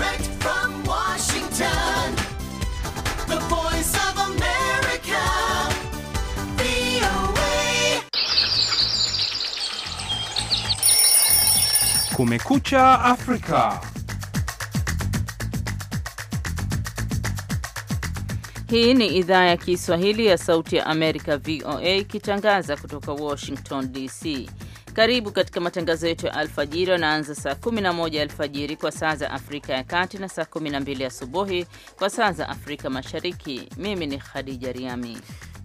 Direct from Washington, the voice of America, VOA. Kumekucha Africa. Hii ni idhaa ya Kiswahili ya Sauti ya Amerika, VOA, ikitangaza kutoka Washington DC. Karibu katika matangazo yetu ya alfajiri wanaanza saa 11 alfajiri kwa saa za Afrika ya Kati na saa 12 asubuhi kwa saa za Afrika Mashariki. Mimi ni Khadija Riami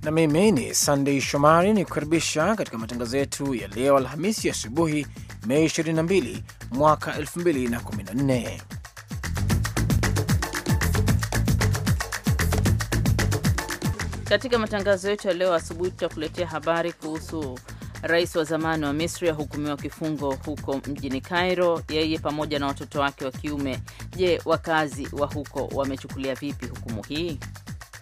na mimi ni Sandei Shomari ni kukaribisha katika matangazo yetu ya leo Alhamisi asubuhi Mei 22 mwaka 2014. Katika matangazo yetu ya leo asubuhi tutakuletea habari kuhusu Rais wa zamani wa Misri ahukumiwa kifungo huko mjini Cairo, yeye pamoja na watoto wake wa kiume. Je, wakazi wa huko wamechukulia vipi hukumu hii?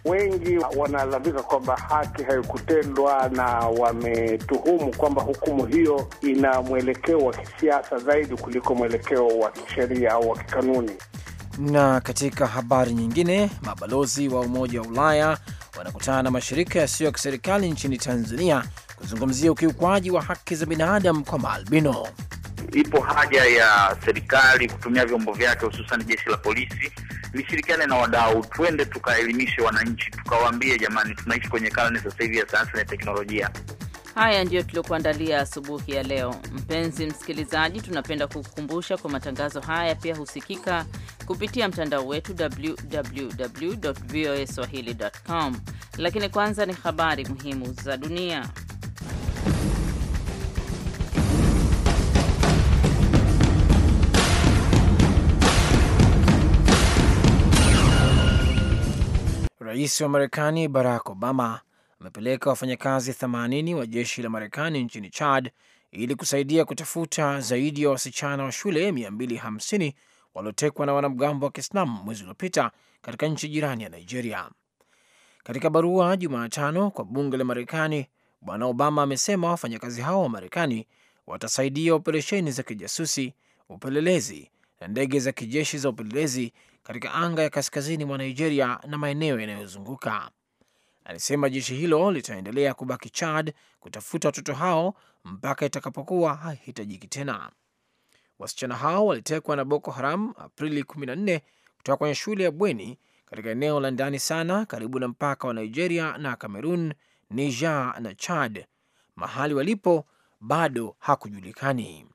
Wengi wanalalamika kwamba haki haikutendwa na wametuhumu kwamba hukumu hiyo ina mwelekeo wa kisiasa zaidi kuliko mwelekeo wa kisheria au wa kikanuni. Na katika habari nyingine, mabalozi wa Umoja wa Ulaya wanakutana na mashirika yasiyo ya kiserikali nchini Tanzania kuzungumzia ukiukwaji wa haki za binadamu kwa maalbino. Ipo haja ya serikali kutumia vyombo vyake, hususan jeshi la polisi lishirikiane na wadau, twende tukaelimishe wananchi, tukawaambie jamani, tunaishi kwenye karne sasa hivi ya sayansi na teknolojia. Haya ndiyo tuliokuandalia asubuhi ya leo. Mpenzi msikilizaji, tunapenda kukukumbusha kwa matangazo haya pia husikika kupitia mtandao wetu www voa swahili com, lakini kwanza ni habari muhimu za dunia. Rais wa Marekani Barack Obama amepeleka wafanyakazi 80 wa jeshi la Marekani nchini Chad ili kusaidia kutafuta zaidi ya wasichana wa shule 250 waliotekwa na wanamgambo wa Kiislam mwezi uliopita katika nchi jirani ya Nigeria. Katika barua Jumatano kwa bunge la Marekani, Bwana Obama amesema wafanyakazi hao wa Marekani watasaidia operesheni za kijasusi, upelelezi na ndege za kijeshi za upelelezi katika anga ya kaskazini mwa Nigeria na maeneo yanayozunguka. Alisema jeshi hilo litaendelea kubaki Chad kutafuta watoto hao mpaka itakapokuwa haihitajiki tena. Wasichana hao walitekwa na Boko Haram Aprili 14 kutoka kwenye shule ya bweni katika eneo la ndani sana karibu na mpaka wa Nigeria na Cameroon, Niger na Chad. Mahali walipo bado hakujulikani.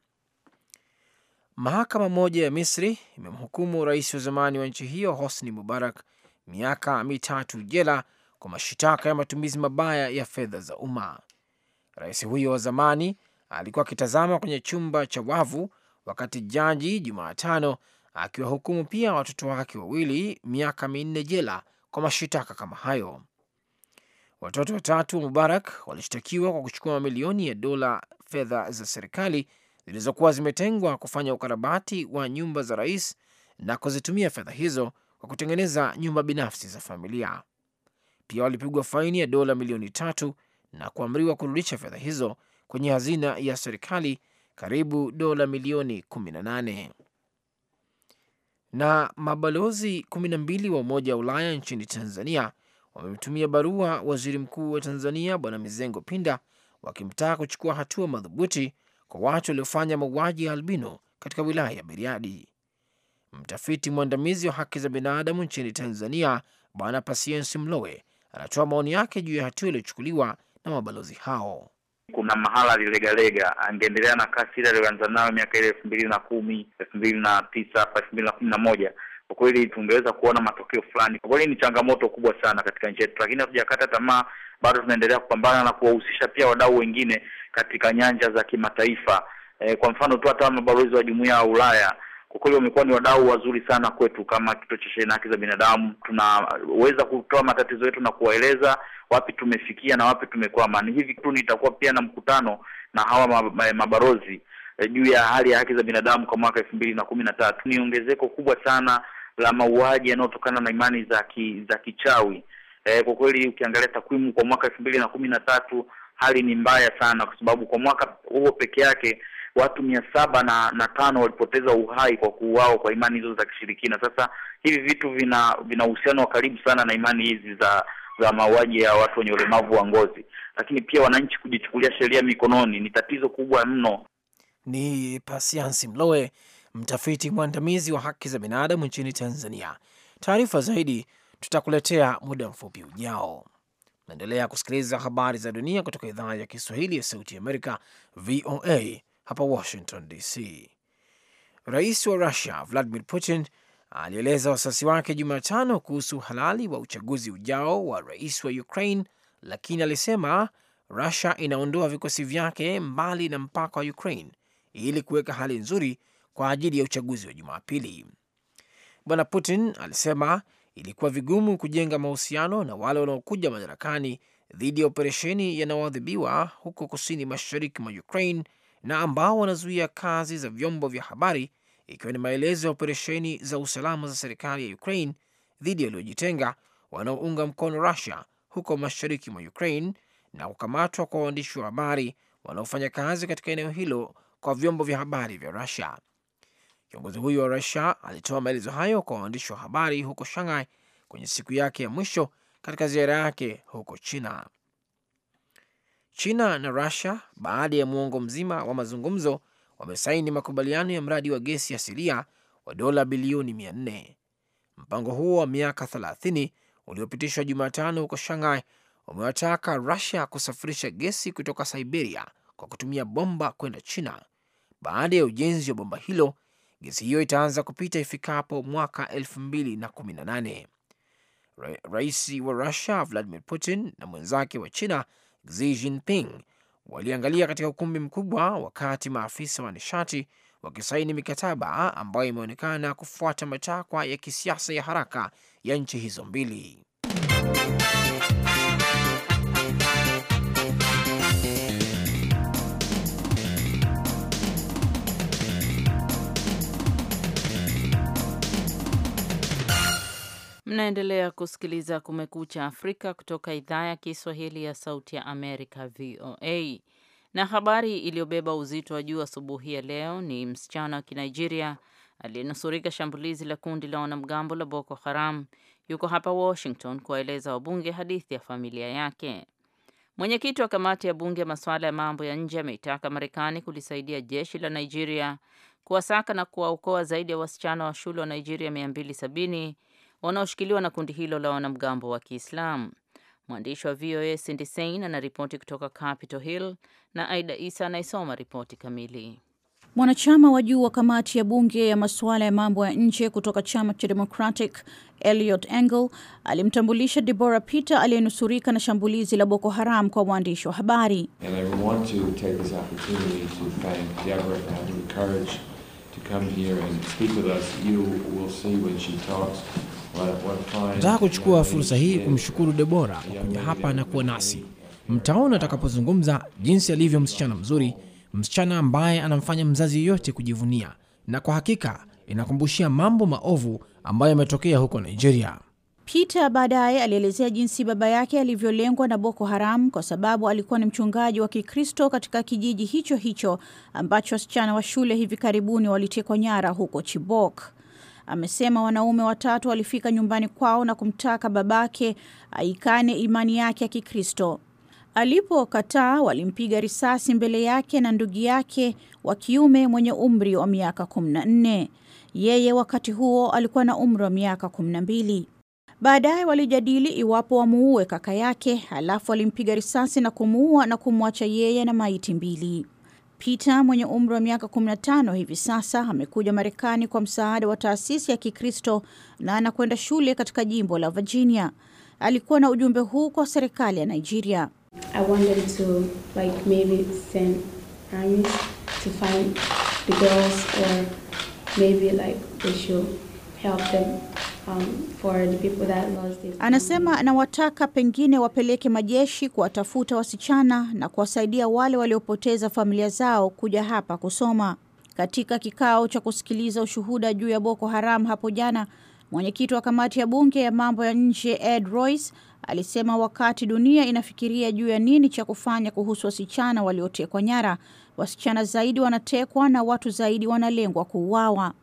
Mahakama moja ya Misri imemhukumu rais wa zamani wa nchi hiyo Hosni Mubarak miaka mitatu jela kwa mashitaka ya matumizi mabaya ya fedha za umma. Rais huyo wa zamani alikuwa akitazama kwenye chumba cha wavu wakati jaji Jumatano akiwahukumu pia watoto wake wawili miaka minne jela kwa mashitaka kama hayo. Watoto watatu wa Mubarak walishtakiwa kwa kuchukua mamilioni ya dola fedha za serikali zilizokuwa zimetengwa kufanya ukarabati wa nyumba za rais na kuzitumia fedha hizo kwa kutengeneza nyumba binafsi za familia. Pia walipigwa faini ya dola milioni tatu na kuamriwa kurudisha fedha hizo kwenye hazina ya serikali, karibu dola milioni 18. Na mabalozi 12 wa Umoja wa Ulaya nchini Tanzania wamemtumia barua waziri mkuu wa Tanzania Bwana Mizengo Pinda wakimtaka kuchukua hatua madhubuti kwa watu waliofanya mauaji ya albino katika wilaya ya Bariadi. Mtafiti mwandamizi wa haki za binadamu nchini Tanzania, Bwana Pasiensi Mlowe, anatoa maoni yake juu ya hatua iliyochukuliwa na mabalozi hao. Kuna mahala alilegalega, angeendelea na kasi ile aliyoanza nayo miaka ile elfu mbili na kumi elfu mbili na tisa hapa elfu mbili na kumi na moja kwa kweli tungeweza kuona matokeo fulani. Kwa kweli ni changamoto kubwa sana katika nchi yetu, lakini hatujakata tamaa, bado tunaendelea kupambana na kuwahusisha pia wadau wengine katika nyanja za kimataifa. E, kwa mfano tu hata mabalozi wa jumuiya ya Ulaya kwa kweli wamekuwa ni wadau wazuri sana kwetu kama kituo cha sheria na haki za binadamu. Tunaweza kutoa matatizo yetu na kuwaeleza wapi tumefikia na wapi tumekwama. Ni hivi tu nitakuwa pia na mkutano na hawa mabalozi e, juu ya hali ya haki za binadamu kwa mwaka elfu mbili na kumi na tatu. Ni ongezeko kubwa sana la mauaji yanayotokana na imani za ki, za kichawi. E, kwa kweli ukiangalia takwimu kwa mwaka elfu mbili na kumi na tatu hali ni mbaya sana, kwa sababu kwa mwaka huo peke yake watu mia saba na, na tano walipoteza uhai kwa kuuawa kwa imani hizo za kishirikina. Sasa hivi vitu vina vina uhusiano wa karibu sana na imani hizi za za mauaji ya watu wenye ulemavu wa ngozi, lakini pia wananchi kujichukulia sheria mikononi ni tatizo kubwa mno. Ni Pasiansi Mlowe, mtafiti mwandamizi wa haki za binadamu nchini Tanzania. Taarifa zaidi tutakuletea muda mfupi ujao. Naendelea kusikiliza habari za dunia kutoka idhaa ya Kiswahili ya Sauti Amerika, VOA hapa Washington DC. Rais wa Russia Vladimir Putin alieleza wasiwasi wake Jumatano kuhusu halali wa uchaguzi ujao wa rais wa Ukraine, lakini alisema Rusia inaondoa vikosi vyake mbali na mpaka wa Ukraine ili kuweka hali nzuri kwa ajili ya uchaguzi wa Jumapili. Bwana Putin alisema ilikuwa vigumu kujenga mahusiano na wale wanaokuja madarakani dhidi ya operesheni yanayoadhibiwa huko kusini mashariki mwa Ukraine na ambao wanazuia kazi za vyombo vya habari, ikiwa ni maelezo ya operesheni za usalama za serikali ya Ukraine dhidi ya waliojitenga wanaounga mkono Russia huko mashariki mwa Ukraine na kukamatwa kwa waandishi wa habari wanaofanya kazi katika eneo hilo kwa vyombo vya habari vya Russia. Kiongozi huyo wa Rusia alitoa maelezo hayo kwa waandishi wa habari huko Shanghai kwenye siku yake ya mwisho katika ziara yake huko China. China na Rusia, baada ya mwongo mzima wa mazungumzo, wamesaini makubaliano ya mradi wa gesi asilia wa dola bilioni 400. Mpango huo wa miaka 30 uliopitishwa Jumatano huko Shanghai umewataka Rusia kusafirisha gesi kutoka Siberia kwa kutumia bomba kwenda China baada ya ujenzi wa bomba hilo gesi hiyo itaanza kupita ifikapo mwaka 2018 Rais wa Russia Vladimir Putin na mwenzake wa China Xi Jinping waliangalia katika ukumbi mkubwa wakati maafisa wa nishati wakisaini mikataba ambayo imeonekana kufuata matakwa ya kisiasa ya haraka ya nchi hizo mbili. Mnaendelea kusikiliza Kumekucha Afrika kutoka idhaa ya Kiswahili ya Sauti ya Amerika, VOA. Na habari iliyobeba uzito wa juu asubuhi ya leo ni msichana wa Kinigeria aliyenusurika shambulizi la kundi la wanamgambo la Boko Haram yuko hapa Washington kuwaeleza wabunge hadithi ya familia yake. Mwenyekiti wa kamati ya bunge ya masuala ya mambo ya nje ameitaka Marekani kulisaidia jeshi la Nigeria kuwasaka na kuwaokoa zaidi ya wasichana wa shule wa Nigeria 270 wanaoshikiliwa na kundi hilo la wanamgambo wa Kiislamu. Mwandishi wa VOA Cindy Sein anaripoti kutoka Capitol Hill na Aida Isa anayesoma ripoti kamili. Mwanachama wa juu wa kamati ya bunge ya masuala ya mambo ya nje kutoka chama cha Democratic Eliot Engel alimtambulisha Deborah Peter aliyenusurika na shambulizi la Boko Haram kwa waandishi wa habari. Nataka kuchukua fursa hii kumshukuru Debora kwa kuja hapa na kuwa nasi. Mtaona atakapozungumza jinsi alivyo msichana mzuri, msichana ambaye anamfanya mzazi yeyote kujivunia, na kwa hakika inakumbushia mambo maovu ambayo yametokea huko Nigeria. Peter baadaye alielezea jinsi baba yake alivyolengwa na Boko Haram kwa sababu alikuwa ni mchungaji wa Kikristo katika kijiji hicho hicho ambacho wasichana wa shule hivi karibuni walitekwa nyara huko Chibok amesema wanaume watatu walifika nyumbani kwao na kumtaka babake aikane imani yake ya Kikristo. Alipokataa, walimpiga risasi mbele yake na ndugu yake wa kiume mwenye umri wa miaka 14. Yeye wakati huo alikuwa na umri wa miaka 12. Baadaye walijadili iwapo wamuue kaka yake, halafu walimpiga risasi na kumuua na kumwacha yeye na maiti mbili. Peter mwenye umri wa miaka 15 hivi sasa amekuja Marekani kwa msaada wa taasisi ya Kikristo na anakwenda shule katika jimbo la Virginia. Alikuwa na ujumbe huu kwa serikali ya Nigeria. I Um, for the people that lost Anasema anawataka pengine wapeleke majeshi kuwatafuta wasichana na kuwasaidia wale waliopoteza familia zao kuja hapa kusoma. Katika kikao cha kusikiliza ushuhuda juu ya Boko Haram hapo jana, mwenyekiti wa kamati ya bunge ya mambo ya nje Ed Royce alisema wakati dunia inafikiria juu ya nini cha kufanya kuhusu wasichana waliotekwa nyara, wasichana zaidi wanatekwa na watu zaidi wanalengwa kuuawa.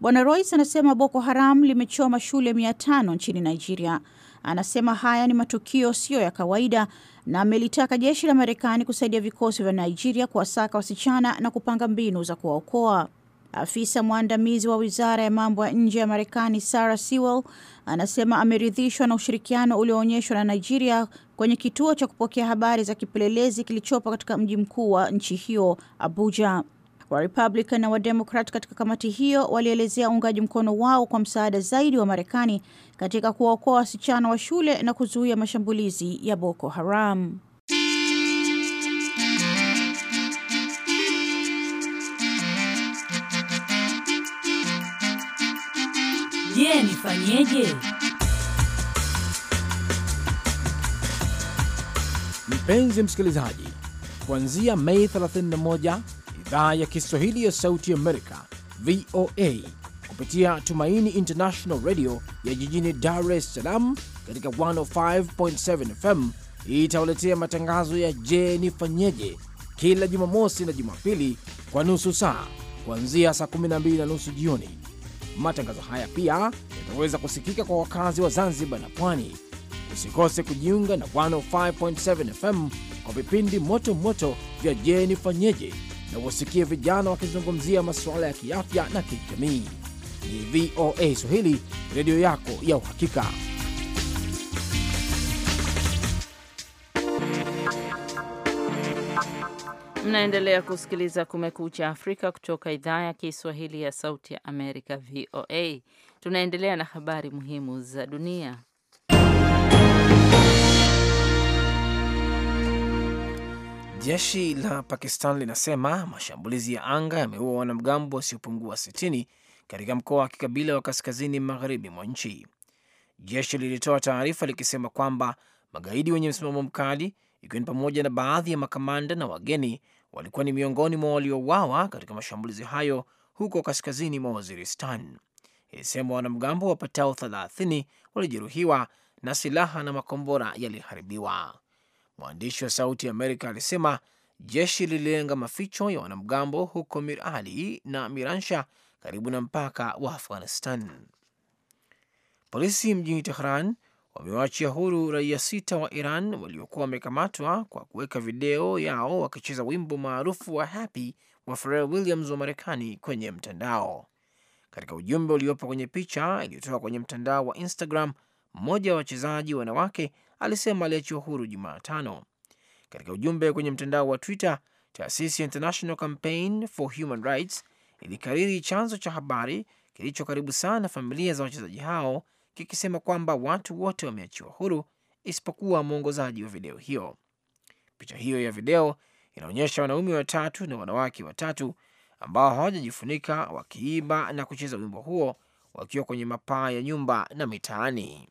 Bwana Royce anasema Boko Haram limechoma shule mia tano nchini Nigeria. Anasema haya ni matukio siyo ya kawaida na amelitaka jeshi la Marekani kusaidia vikosi vya Nigeria kuwasaka wasichana na kupanga mbinu za kuwaokoa. Afisa mwandamizi wa wizara ya mambo ya nje ya Marekani Sarah Sewell anasema ameridhishwa na ushirikiano ulioonyeshwa na Nigeria kwenye kituo cha kupokea habari za kipelelezi kilichopo katika mji mkuu wa nchi hiyo Abuja wa Republican na wa Democrat katika kamati hiyo walielezea uungaji mkono wao kwa msaada zaidi wa Marekani katika kuwaokoa wasichana wa shule na kuzuia mashambulizi ya Boko Haram. Je, nifanyeje? Mpenzi msikilizaji, kuanzia Mei 31 idhaa ya Kiswahili ya Sauti Amerika, VOA, kupitia Tumaini International Radio ya jijini Dar es Salaam katika 105.7 FM itawaletea matangazo ya Je, Nifanyeje kila Jumamosi na Jumapili kwa nusu saa kuanzia saa 12 na nusu jioni. Matangazo haya pia yataweza kusikika kwa wakazi wa Zanzibar na Pwani. Usikose kujiunga na 105.7 FM kwa vipindi moto moto vya Je, Nifanyeje na wasikie vijana wakizungumzia masuala ya kiafya na kijamii. Ni VOA Swahili, redio yako ya uhakika. Mnaendelea kusikiliza Kumekucha Afrika kutoka idhaa ya Kiswahili ya Sauti ya Amerika, VOA. Tunaendelea na habari muhimu za dunia. Jeshi la Pakistan linasema mashambulizi ya anga yameua wanamgambo wasiopungua 60 katika mkoa wa kikabila wa kaskazini magharibi mwa nchi. Jeshi lilitoa taarifa likisema kwamba magaidi wenye msimamo mkali, ikiwa ni pamoja na baadhi ya makamanda na wageni, walikuwa ni miongoni mwa waliouawa katika mashambulizi hayo huko kaskazini mwa Waziristan. Ilisema wanamgambo wapatao 30 walijeruhiwa na silaha na makombora yaliharibiwa mwandishi wa Sauti ya Amerika alisema jeshi lililenga maficho ya wanamgambo huko Mirali na Miransha karibu na mpaka wa Afghanistan. Polisi mjini Tehran wamewaachia huru raia sita wa Iran waliokuwa wamekamatwa kwa kuweka video yao wakicheza wimbo maarufu wa Happy wa Pharrell Williams wa Marekani kwenye mtandao. Katika ujumbe uliopo kwenye picha iliyotoka kwenye mtandao wa Instagram, mmoja wa wachezaji wanawake alisema aliachiwa huru Jumatano. Katika ujumbe kwenye mtandao wa Twitter, taasisi ya International Campaign for Human Rights ilikariri chanzo cha habari kilicho karibu sana familia za wachezaji hao kikisema kwamba watu wote wameachiwa huru isipokuwa mwongozaji wa video hiyo. Picha hiyo ya video inaonyesha wanaume watatu na wanawake watatu ambao hawajajifunika wakiimba na kucheza wimbo huo wakiwa kwenye mapaa ya nyumba na mitaani.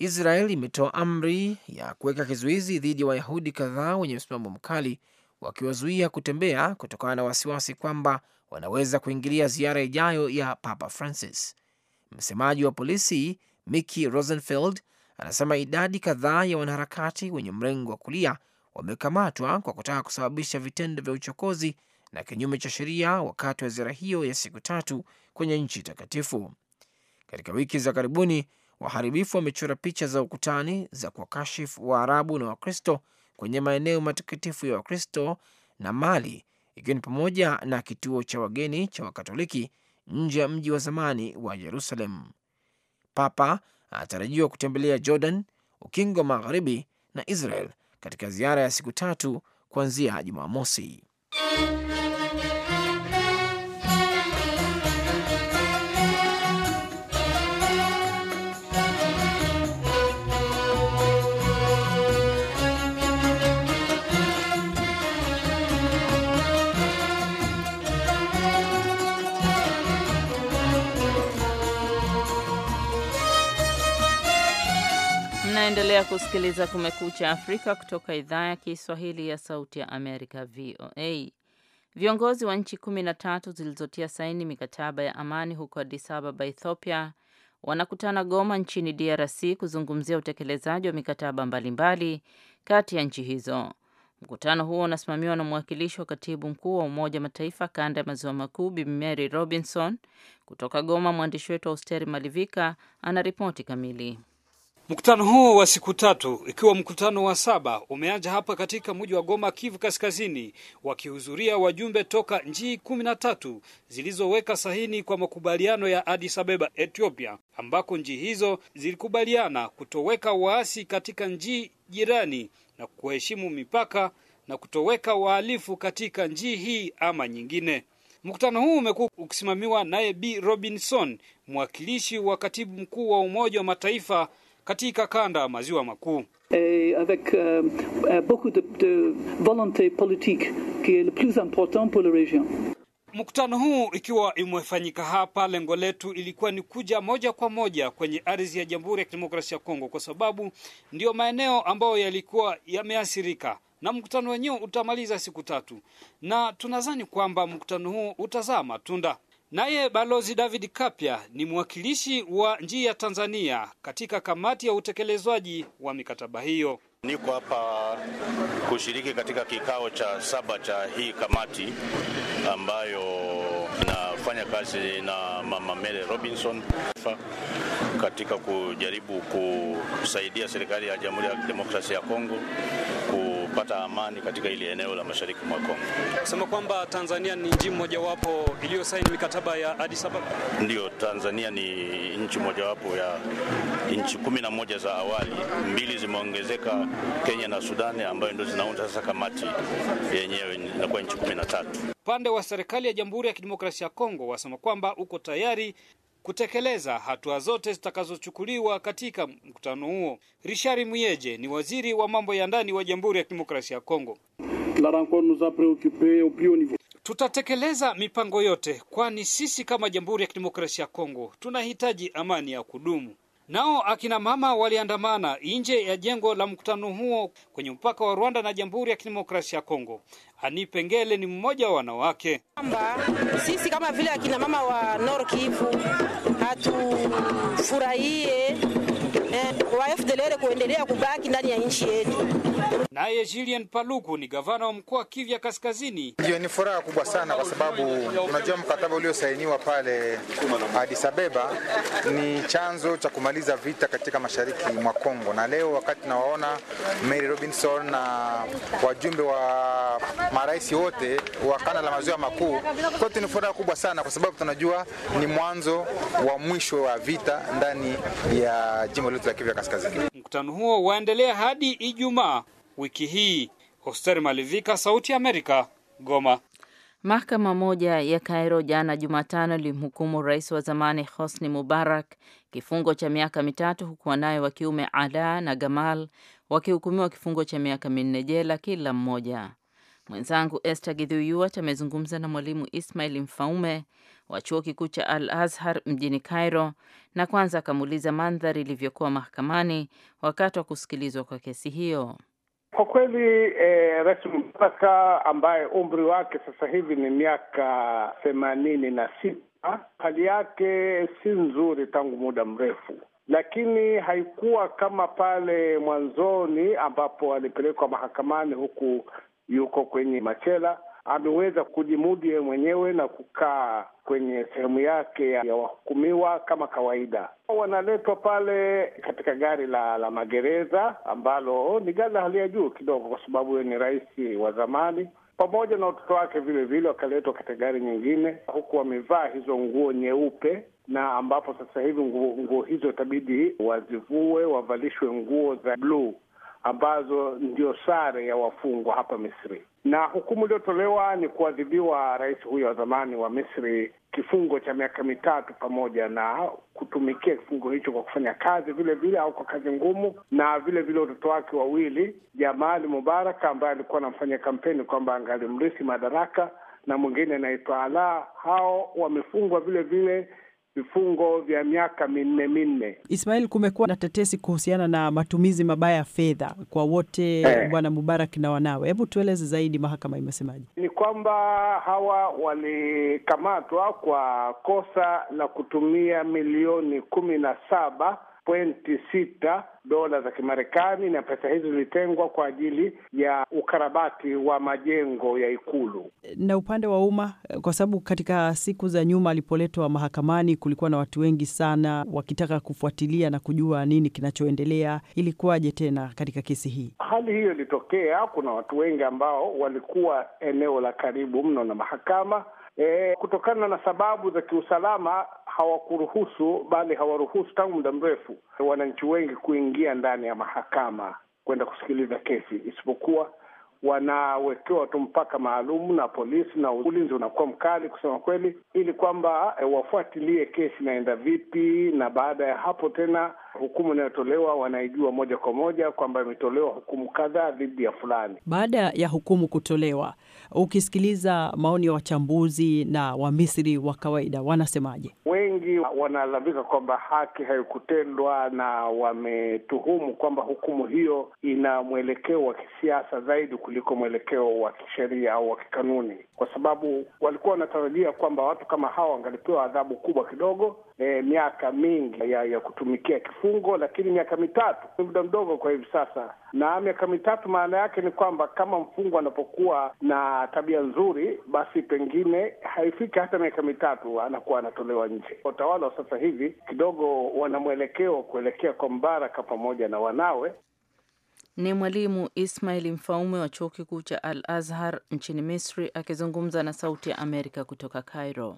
Israel imetoa amri ya kuweka kizuizi dhidi ya Wayahudi kadhaa wenye msimamo mkali, wakiwazuia kutembea kutokana na wasiwasi kwamba wanaweza kuingilia ziara ijayo ya Papa Francis. Msemaji wa polisi Mickey Rosenfeld anasema idadi kadhaa ya wanaharakati wenye mrengo wa kulia wamekamatwa kwa kutaka kusababisha vitendo vya uchokozi na kinyume cha sheria wakati wa ziara hiyo ya siku tatu kwenye nchi takatifu. Katika wiki za karibuni waharibifu wamechora picha za ukutani za kuwakashifu Waarabu na Wakristo kwenye maeneo matakatifu ya Wakristo na Mali, ikiwa ni pamoja na kituo cha wageni cha Wakatoliki nje ya mji wa zamani wa Jerusalem. Papa anatarajiwa kutembelea Jordan, Ukingo wa Magharibi na Israel katika ziara ya siku tatu kuanzia Jumamosi. Unaendelea kusikiliza Kumekucha Afrika kutoka idhaa ya Kiswahili ya Sauti ya Amerika, VOA. Viongozi wa nchi kumi na tatu zilizotia saini mikataba ya amani huko Addis Ababa, Ethiopia, wanakutana Goma nchini DRC kuzungumzia utekelezaji wa mikataba mbalimbali kati ya nchi hizo. Mkutano huo unasimamiwa na mwakilishi wa katibu mkuu wa Umoja Mataifa kanda ya maziwa makuu Bi Mary Robinson. Kutoka Goma, mwandishi wetu Austeri Malivika ana ripoti kamili. Mkutano huu wa siku tatu ikiwa mkutano wa saba umeanza hapa katika mji wa Goma, Kivu Kaskazini, wakihudhuria wajumbe toka nchi kumi na tatu zilizoweka sahini kwa makubaliano ya Addis Ababa, Ethiopia, ambako nchi hizo zilikubaliana kutoweka waasi katika nchi jirani na kuheshimu mipaka na kutoweka wahalifu katika nchi hii ama nyingine. Mkutano huu umekuwa ukisimamiwa naye B Robinson, mwakilishi wa katibu mkuu wa Umoja wa Mataifa katika kanda ya maziwa makuu. Euh, euh, mkutano huu ikiwa imefanyika hapa, lengo letu ilikuwa ni kuja moja kwa moja kwenye ardhi ya Jamhuri ya Kidemokrasia ya Kongo, kwa sababu ndiyo maeneo ambayo yalikuwa yameathirika na mkutano wenyewe utamaliza siku tatu, na tunadhani kwamba mkutano huu utazaa matunda. Naye Balozi David Kapya ni mwakilishi wa njia ya Tanzania katika kamati ya utekelezwaji wa mikataba hiyo. Niko hapa kushiriki katika kikao cha saba cha hii kamati ambayo nafanya kazi na Mama Mary Robinson katika kujaribu kusaidia serikali ya Jamhuri ya Kidemokrasia ya Kongo ku kupata amani katika ile eneo la mashariki mwa Kongo. Kusema kwamba Tanzania ni nchi mojawapo iliyosaini mikataba ya Addis Ababa. Ndio, Tanzania ni nchi mojawapo ya nchi kumi na moja za awali, mbili zimeongezeka, Kenya na Sudani, ambayo ndio zinaunda sasa kamati yenyewe inakuwa nchi kumi na tatu. Upande wa serikali ya Jamhuri ya Kidemokrasia ya Kongo wasema kwamba uko tayari kutekeleza hatua zote zitakazochukuliwa katika mkutano huo. rishari Muyeje ni waziri wa mambo ya ndani wa Jamhuri ya Kidemokrasia ya Kongo. Tutatekeleza mipango yote, kwani sisi kama Jamhuri ya Kidemokrasia ya Kongo tunahitaji amani ya kudumu. Nao akina mama waliandamana nje ya jengo la mkutano huo kwenye mpaka wa Rwanda na Jamhuri ya Kidemokrasia ya Kongo Hani Pengele ni mmoja wa wanawake. Kwamba sisi kama vile akina mama wa Nord Kivu hatufurahie eh, wa FDLR kuendelea kubaki ndani ya nchi yetu. Naye Julien Paluku ni gavana wa mkoa Kivya Kaskazini. Ndio, ni furaha kubwa sana kwa sababu unajua mkataba uliosainiwa pale Addis Ababa ni chanzo cha kumaliza vita katika mashariki mwa Kongo, na leo wakati nawaona Mary Robinson na wajumbe wa marais wote wa kanda la maziwa makuu, kote ni furaha kubwa sana kwa sababu tunajua ni mwanzo wa mwisho wa vita ndani ya jimbo letu la Kivya Kaskazini. Mkutano huo waendelea hadi Ijumaa wiki hii. Hoster Malivika, Sauti ya Amerika, Goma. Mahakama moja ya Kairo jana Jumatano ilimhukumu rais wa zamani Hosni Mubarak kifungo cha miaka mitatu huku wanaye wa kiume Ada na Gamal wakihukumiwa kifungo cha miaka minne jela kila mmoja. Mwenzangu Esther Gidhuyuat amezungumza na mwalimu Ismail Mfaume wa chuo kikuu cha Al Azhar mjini Cairo na kwanza akamuuliza mandhari ilivyokuwa mahakamani wakati wa kusikilizwa kwa kesi hiyo. Kwa kweli eh, Rais Mubaraka ambaye umri wake sasa hivi ni miaka themanini na sita, hali yake si nzuri tangu muda mrefu, lakini haikuwa kama pale mwanzoni ambapo alipelekwa mahakamani huku yuko kwenye machela ameweza kujimudu yeye mwenyewe na kukaa kwenye sehemu yake ya wahukumiwa kama kawaida. Wanaletwa pale katika gari la la magereza ambalo ni gari la hali ya juu kidogo, kwa sababu ni rais wa zamani, pamoja na watoto wake vile vile wakaletwa katika gari nyingine, huku wamevaa hizo nguo nyeupe na ambapo sasa hivi nguo, nguo hizo itabidi wazivue wavalishwe nguo za bluu ambazo ndio sare ya wafungwa hapa Misri na hukumu iliyotolewa ni kuadhibiwa rais huyo wa zamani wa Misri kifungo cha miaka mitatu pamoja na kutumikia kifungo hicho kwa kufanya kazi vile vile au kwa kazi ngumu, na vile vile watoto wake wawili Jamali Mubarak ambaye alikuwa anamfanya kampeni kwamba angalimrithi madaraka na mwingine anaitwa Ala, hao wamefungwa vile vile vifungo vya miaka minne minne. Ismail, kumekuwa na tetesi kuhusiana na matumizi mabaya ya fedha kwa wote eh, bwana Mubarak na wanawe. Hebu tueleze zaidi, mahakama imesemaje? Ni kwamba hawa walikamatwa kwa kosa la kutumia milioni kumi na saba pointi sita dola za Kimarekani, na pesa hizo zilitengwa kwa ajili ya ukarabati wa majengo ya Ikulu na upande wa umma, kwa sababu katika siku za nyuma alipoletwa mahakamani kulikuwa na watu wengi sana wakitaka kufuatilia na kujua nini kinachoendelea. Ilikuwaje tena katika kesi hii? Hali hiyo ilitokea, kuna watu wengi ambao walikuwa eneo la karibu mno na mahakama E, kutokana na sababu za kiusalama hawakuruhusu, bali hawaruhusu tangu muda mrefu wananchi wengi kuingia ndani ya mahakama kwenda kusikiliza kesi, isipokuwa wanawekewa tu mpaka maalum na polisi na ulinzi unakuwa mkali kusema kweli, ili kwamba e, wafuatilie kesi inaenda vipi, na baada ya hapo tena hukumu inayotolewa wanaijua moja kwa moja kwamba imetolewa hukumu kadhaa dhidi ya fulani. Baada ya hukumu kutolewa, ukisikiliza maoni ya wachambuzi na Wamisri wa kawaida wanasemaje? wengi wanalalamika kwamba haki haikutendwa na wametuhumu kwamba hukumu hiyo ina mwelekeo wa kisiasa zaidi kuliko mwelekeo wa kisheria au wa kikanuni, kwa sababu walikuwa wanatarajia kwamba watu kama hawa wangalipewa adhabu kubwa kidogo eh, miaka mingi ya, ya kutumikia kifungo, lakini miaka mitatu ni muda mdogo kwa hivi sasa. Na miaka mitatu maana yake ni kwamba kama mfungwa anapokuwa na tabia nzuri, basi pengine haifiki hata miaka mitatu, anakuwa anatolewa nje. Watawala wa sasa hivi kidogo wana mwelekeo kuelekea kwa Mbaraka pamoja na wanawe. Ni mwalimu Ismail Mfaume wa chuo kikuu cha Al Azhar nchini Misri akizungumza na Sauti ya Amerika kutoka Cairo.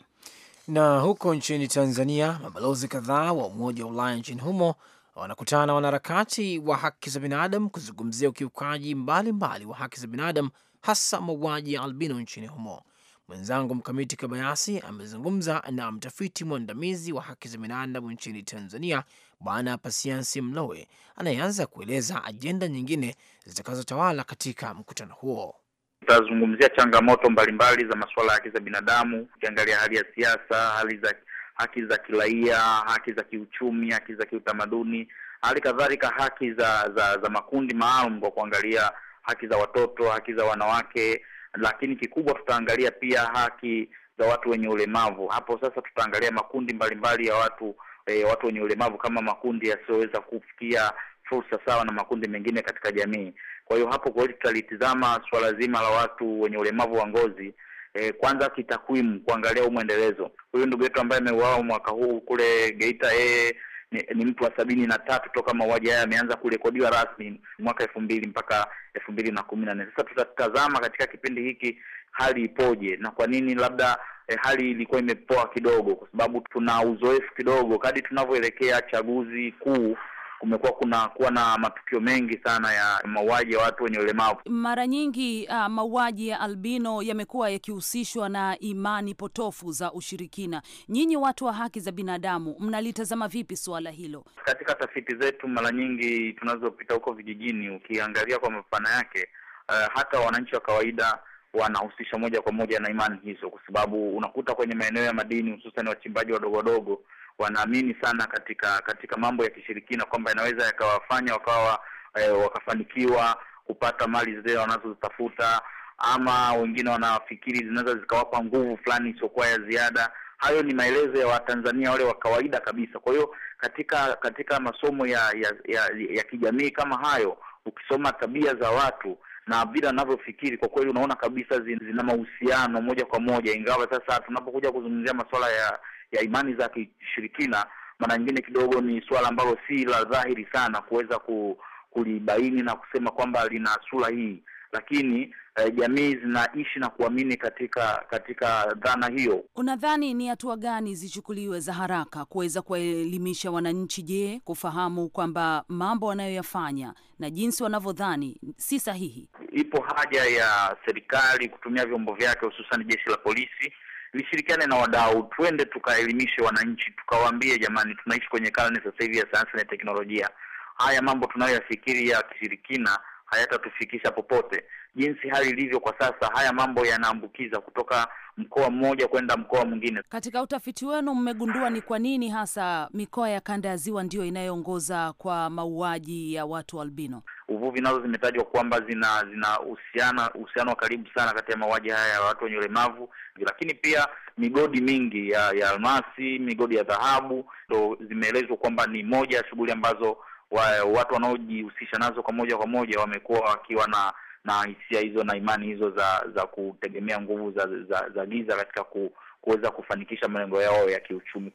Na huko nchini Tanzania, mabalozi kadhaa wa Umoja wa Ulaya nchini humo wanakutana na wanaharakati wa haki za binadamu kuzungumzia ukiukaji mbalimbali wa haki za binadamu, hasa mauaji ya albino nchini humo. Mwenzangu Mkamiti Kabayasi amezungumza na mtafiti mwandamizi wa haki za binadamu nchini Tanzania, Bwana Pasiansi Mlowe, anayeanza kueleza ajenda nyingine zitakazotawala katika mkutano huo. Tutazungumzia changamoto mbalimbali za masuala ya haki za binadamu, ukiangalia hali ya siasa, hali za haki za kiraia, haki za kiuchumi, haki za kiutamaduni, hali kadhalika haki za za, za makundi maalum, kwa kuangalia haki za watoto, haki za wanawake, lakini kikubwa tutaangalia pia haki za watu wenye ulemavu. Hapo sasa tutaangalia makundi mbalimbali ya watu e, watu wenye ulemavu kama makundi yasiyoweza kufikia fursa sawa na makundi mengine katika jamii. Kwa hiyo hapo kweli tutalitizama swala zima la watu wenye ulemavu wa ngozi e, kwanza kitakwimu, kuangalia huu mwendelezo. Huyu ndugu yetu ambaye ameuawa mwaka huu kule Geita, yeye ni, ni mtu wa sabini na tatu toka mauaji haya ameanza kurekodiwa rasmi mwaka elfu mbili mpaka elfu mbili na kumi na nne. Sasa tutatazama katika kipindi hiki hali ipoje na kwa nini labda eh, hali ilikuwa imepoa kidogo, kwa sababu tuna uzoefu kidogo. kadi tunavyoelekea chaguzi kuu, kumekuwa kuna kuwa na matukio mengi sana ya mauaji ya watu wenye ulemavu. Mara nyingi uh, mauaji ya albino yamekuwa yakihusishwa na imani potofu za ushirikina. Nyinyi watu wa haki za binadamu mnalitazama vipi suala hilo? Katika tafiti zetu mara nyingi tunazopita huko vijijini, ukiangalia kwa mapana yake, uh, hata wananchi wa kawaida wanahusisha moja kwa moja na imani hizo, kwa sababu unakuta kwenye maeneo ya madini, hususan wachimbaji wadogo wadogo wanaamini sana katika katika mambo ya kishirikina kwamba inaweza yakawafanya wakawa e, wakafanikiwa kupata mali zile wanazozitafuta, ama wengine wanafikiri zinaweza zikawapa nguvu fulani isiyokuwa ya ziada. Hayo ni maelezo ya Watanzania wale wa kawaida kabisa. Kwa hiyo katika katika masomo ya ya, ya, ya kijamii kama hayo, ukisoma tabia za watu na vile anavyofikiri kwa kweli, unaona kabisa zina mahusiano moja kwa moja, ingawa sasa tunapokuja kuzungumzia masuala ya ya imani za kishirikina, mara nyingine kidogo ni suala ambalo si la dhahiri sana kuweza ku, kulibaini na kusema kwamba lina sura hii, lakini eh, jamii zinaishi na kuamini katika katika dhana hiyo. Unadhani ni hatua gani zichukuliwe za haraka kuweza kuwaelimisha wananchi, je, kufahamu kwamba mambo wanayoyafanya na jinsi wanavyodhani si sahihi? Ipo haja ya serikali kutumia vyombo vyake, hususan jeshi la polisi lishirikiane na wadau, twende tukaelimishe wananchi, tukawaambie jamani, tunaishi kwenye karne sasa hivi ya sayansi na teknolojia. Haya mambo tunayoyafikiri ya kishirikina hayatatufikisha popote. Jinsi hali ilivyo kwa sasa, haya mambo yanaambukiza kutoka mkoa mmoja kwenda mkoa mwingine. Katika utafiti wenu mmegundua ni kwa nini hasa mikoa ya kanda ya ziwa ndiyo inayoongoza kwa mauaji ya watu albino? Uvuvi nazo zimetajwa kwamba zina zinahusiana uhusiano wa karibu sana kati ya mauaji haya ya watu wenye ulemavu, lakini pia migodi mingi ya, ya almasi, migodi ya dhahabu ndo zimeelezwa kwamba ni moja ya shughuli ambazo wa, watu wanaojihusisha nazo kwa moja kwa moja wamekuwa wakiwa na na hisia hizo na imani hizo za za kutegemea nguvu za za, za giza katika ku, kuweza kufanikisha malengo yao ya kiuchumi.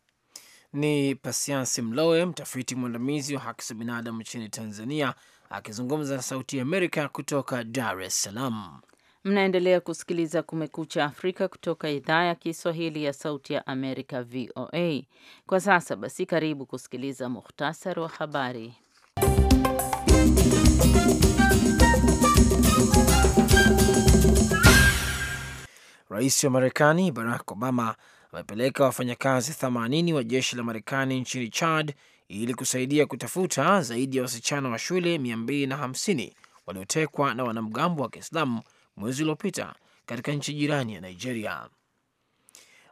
Ni Pasiansi Mlowe, mtafiti mwandamizi wa haki za binadamu nchini Tanzania, akizungumza na Sauti ya Amerika kutoka Dar es Salaam. Mnaendelea kusikiliza Kumekucha Afrika kutoka idhaa ya Kiswahili ya Sauti ya Amerika, VOA. Kwa sasa basi, karibu kusikiliza muhtasari wa habari. Rais wa Marekani Barack Obama amepeleka wafanyakazi 80 wa jeshi la Marekani nchini Chad ili kusaidia kutafuta zaidi ya wasichana wa shule 250 waliotekwa na wanamgambo wa Kiislamu mwezi uliopita katika nchi jirani ya Nigeria.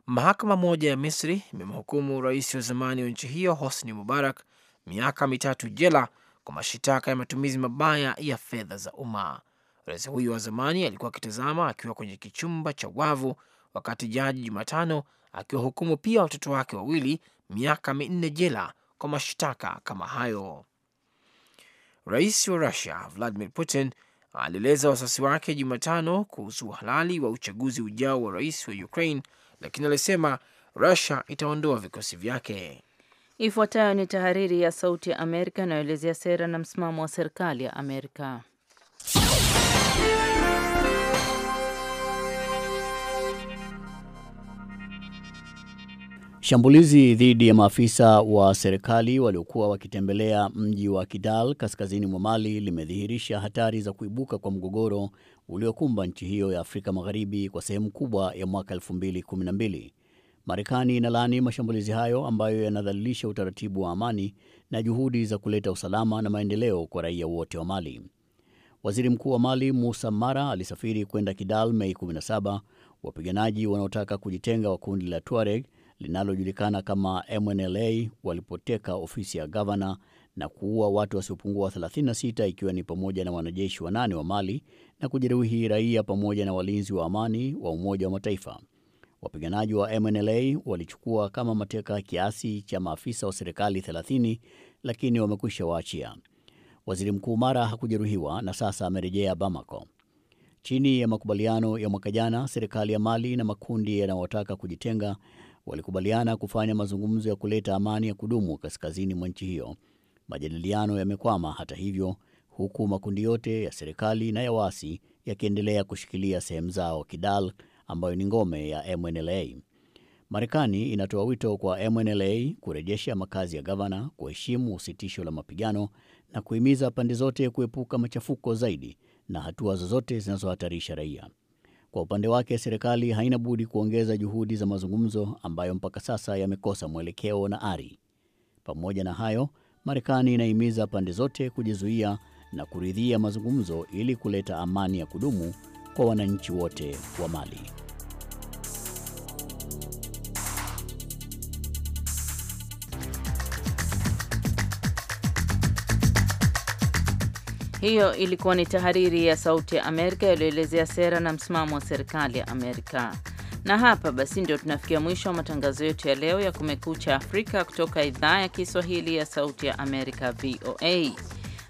Mahakama moja ya Misri imemhukumu rais wa zamani wa nchi hiyo Hosni Mubarak miaka mitatu jela kwa mashitaka ya matumizi mabaya ya fedha za umma. Rais huyo wa zamani alikuwa akitazama akiwa kwenye kichumba cha wavu wakati jaji Jumatano akiwahukumu pia watoto wake wawili miaka minne jela kwa mashtaka kama hayo. Rais wa Rusia Vladimir Putin alieleza wasiwasi wake Jumatano kuhusu uhalali wa uchaguzi ujao wa rais wa Ukraine, lakini alisema Rusia itaondoa vikosi vyake. Ifuatayo ni tahariri ya Sauti ya Amerika inayoelezea sera na msimamo wa serikali ya Amerika. Shambulizi dhidi ya maafisa wa serikali waliokuwa wakitembelea mji wa Kidal kaskazini mwa Mali limedhihirisha hatari za kuibuka kwa mgogoro uliokumba nchi hiyo ya Afrika Magharibi kwa sehemu kubwa ya mwaka 2012. Marekani inalaani mashambulizi hayo ambayo yanadhalilisha utaratibu wa amani na juhudi za kuleta usalama na maendeleo kwa raia wote wa Mali. Waziri Mkuu wa Mali Musa Mara alisafiri kwenda Kidal Mei 17 wapiganaji wanaotaka kujitenga wa kundi la Tuareg linalojulikana kama MNLA walipoteka ofisi ya gavana na kuua watu wasiopungua 36 ikiwa ni pamoja na wanajeshi wanane wa Mali na kujeruhi raia pamoja na walinzi wa amani wa Umoja wa Mataifa. Wapiganaji wa MNLA walichukua kama mateka kiasi cha maafisa wa serikali 30 lakini wamekwisha waachia. Waziri Mkuu Mara hakujeruhiwa na sasa amerejea Bamako. Chini ya makubaliano ya mwaka jana, serikali ya Mali na makundi yanayotaka kujitenga walikubaliana kufanya mazungumzo ya kuleta amani ya kudumu kaskazini mwa nchi hiyo. Majadiliano yamekwama hata hivyo, huku makundi yote ya serikali na ya waasi yakiendelea kushikilia sehemu zao Kidal ambayo ni ngome ya MNLA. Marekani inatoa wito kwa MNLA kurejesha makazi ya gavana, kuheshimu usitisho la mapigano na kuhimiza pande zote kuepuka machafuko zaidi na hatua zozote zinazohatarisha raia. Kwa upande wake, serikali haina budi kuongeza juhudi za mazungumzo ambayo mpaka sasa yamekosa mwelekeo na ari. Pamoja na hayo, Marekani inahimiza pande zote kujizuia na kuridhia mazungumzo ili kuleta amani ya kudumu kwa wananchi wote wa Mali. Hiyo ilikuwa ni tahariri ya Sauti ya Amerika yaliyoelezea sera na msimamo wa serikali ya Amerika. Na hapa basi ndio tunafikia mwisho wa matangazo yetu ya leo ya Kumekucha Afrika kutoka idhaa ya Kiswahili ya Sauti ya Amerika, VOA.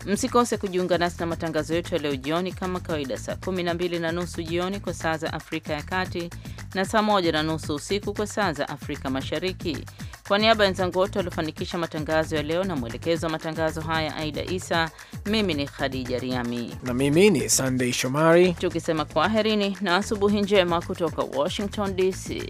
Msikose kujiunga nasi na matangazo yetu ya leo jioni, kama kawaida, saa 12 na nusu jioni kwa saa za Afrika ya Kati na saa moja na nusu usiku kwa saa za Afrika Mashariki. Kwa niaba ya wenzangu wote waliofanikisha matangazo ya leo na mwelekezo wa matangazo haya Aida Isa, mimi ni Khadija Riami na mimi ni Sandei Shomari, tukisema kwaherini na asubuhi njema kutoka Washington DC.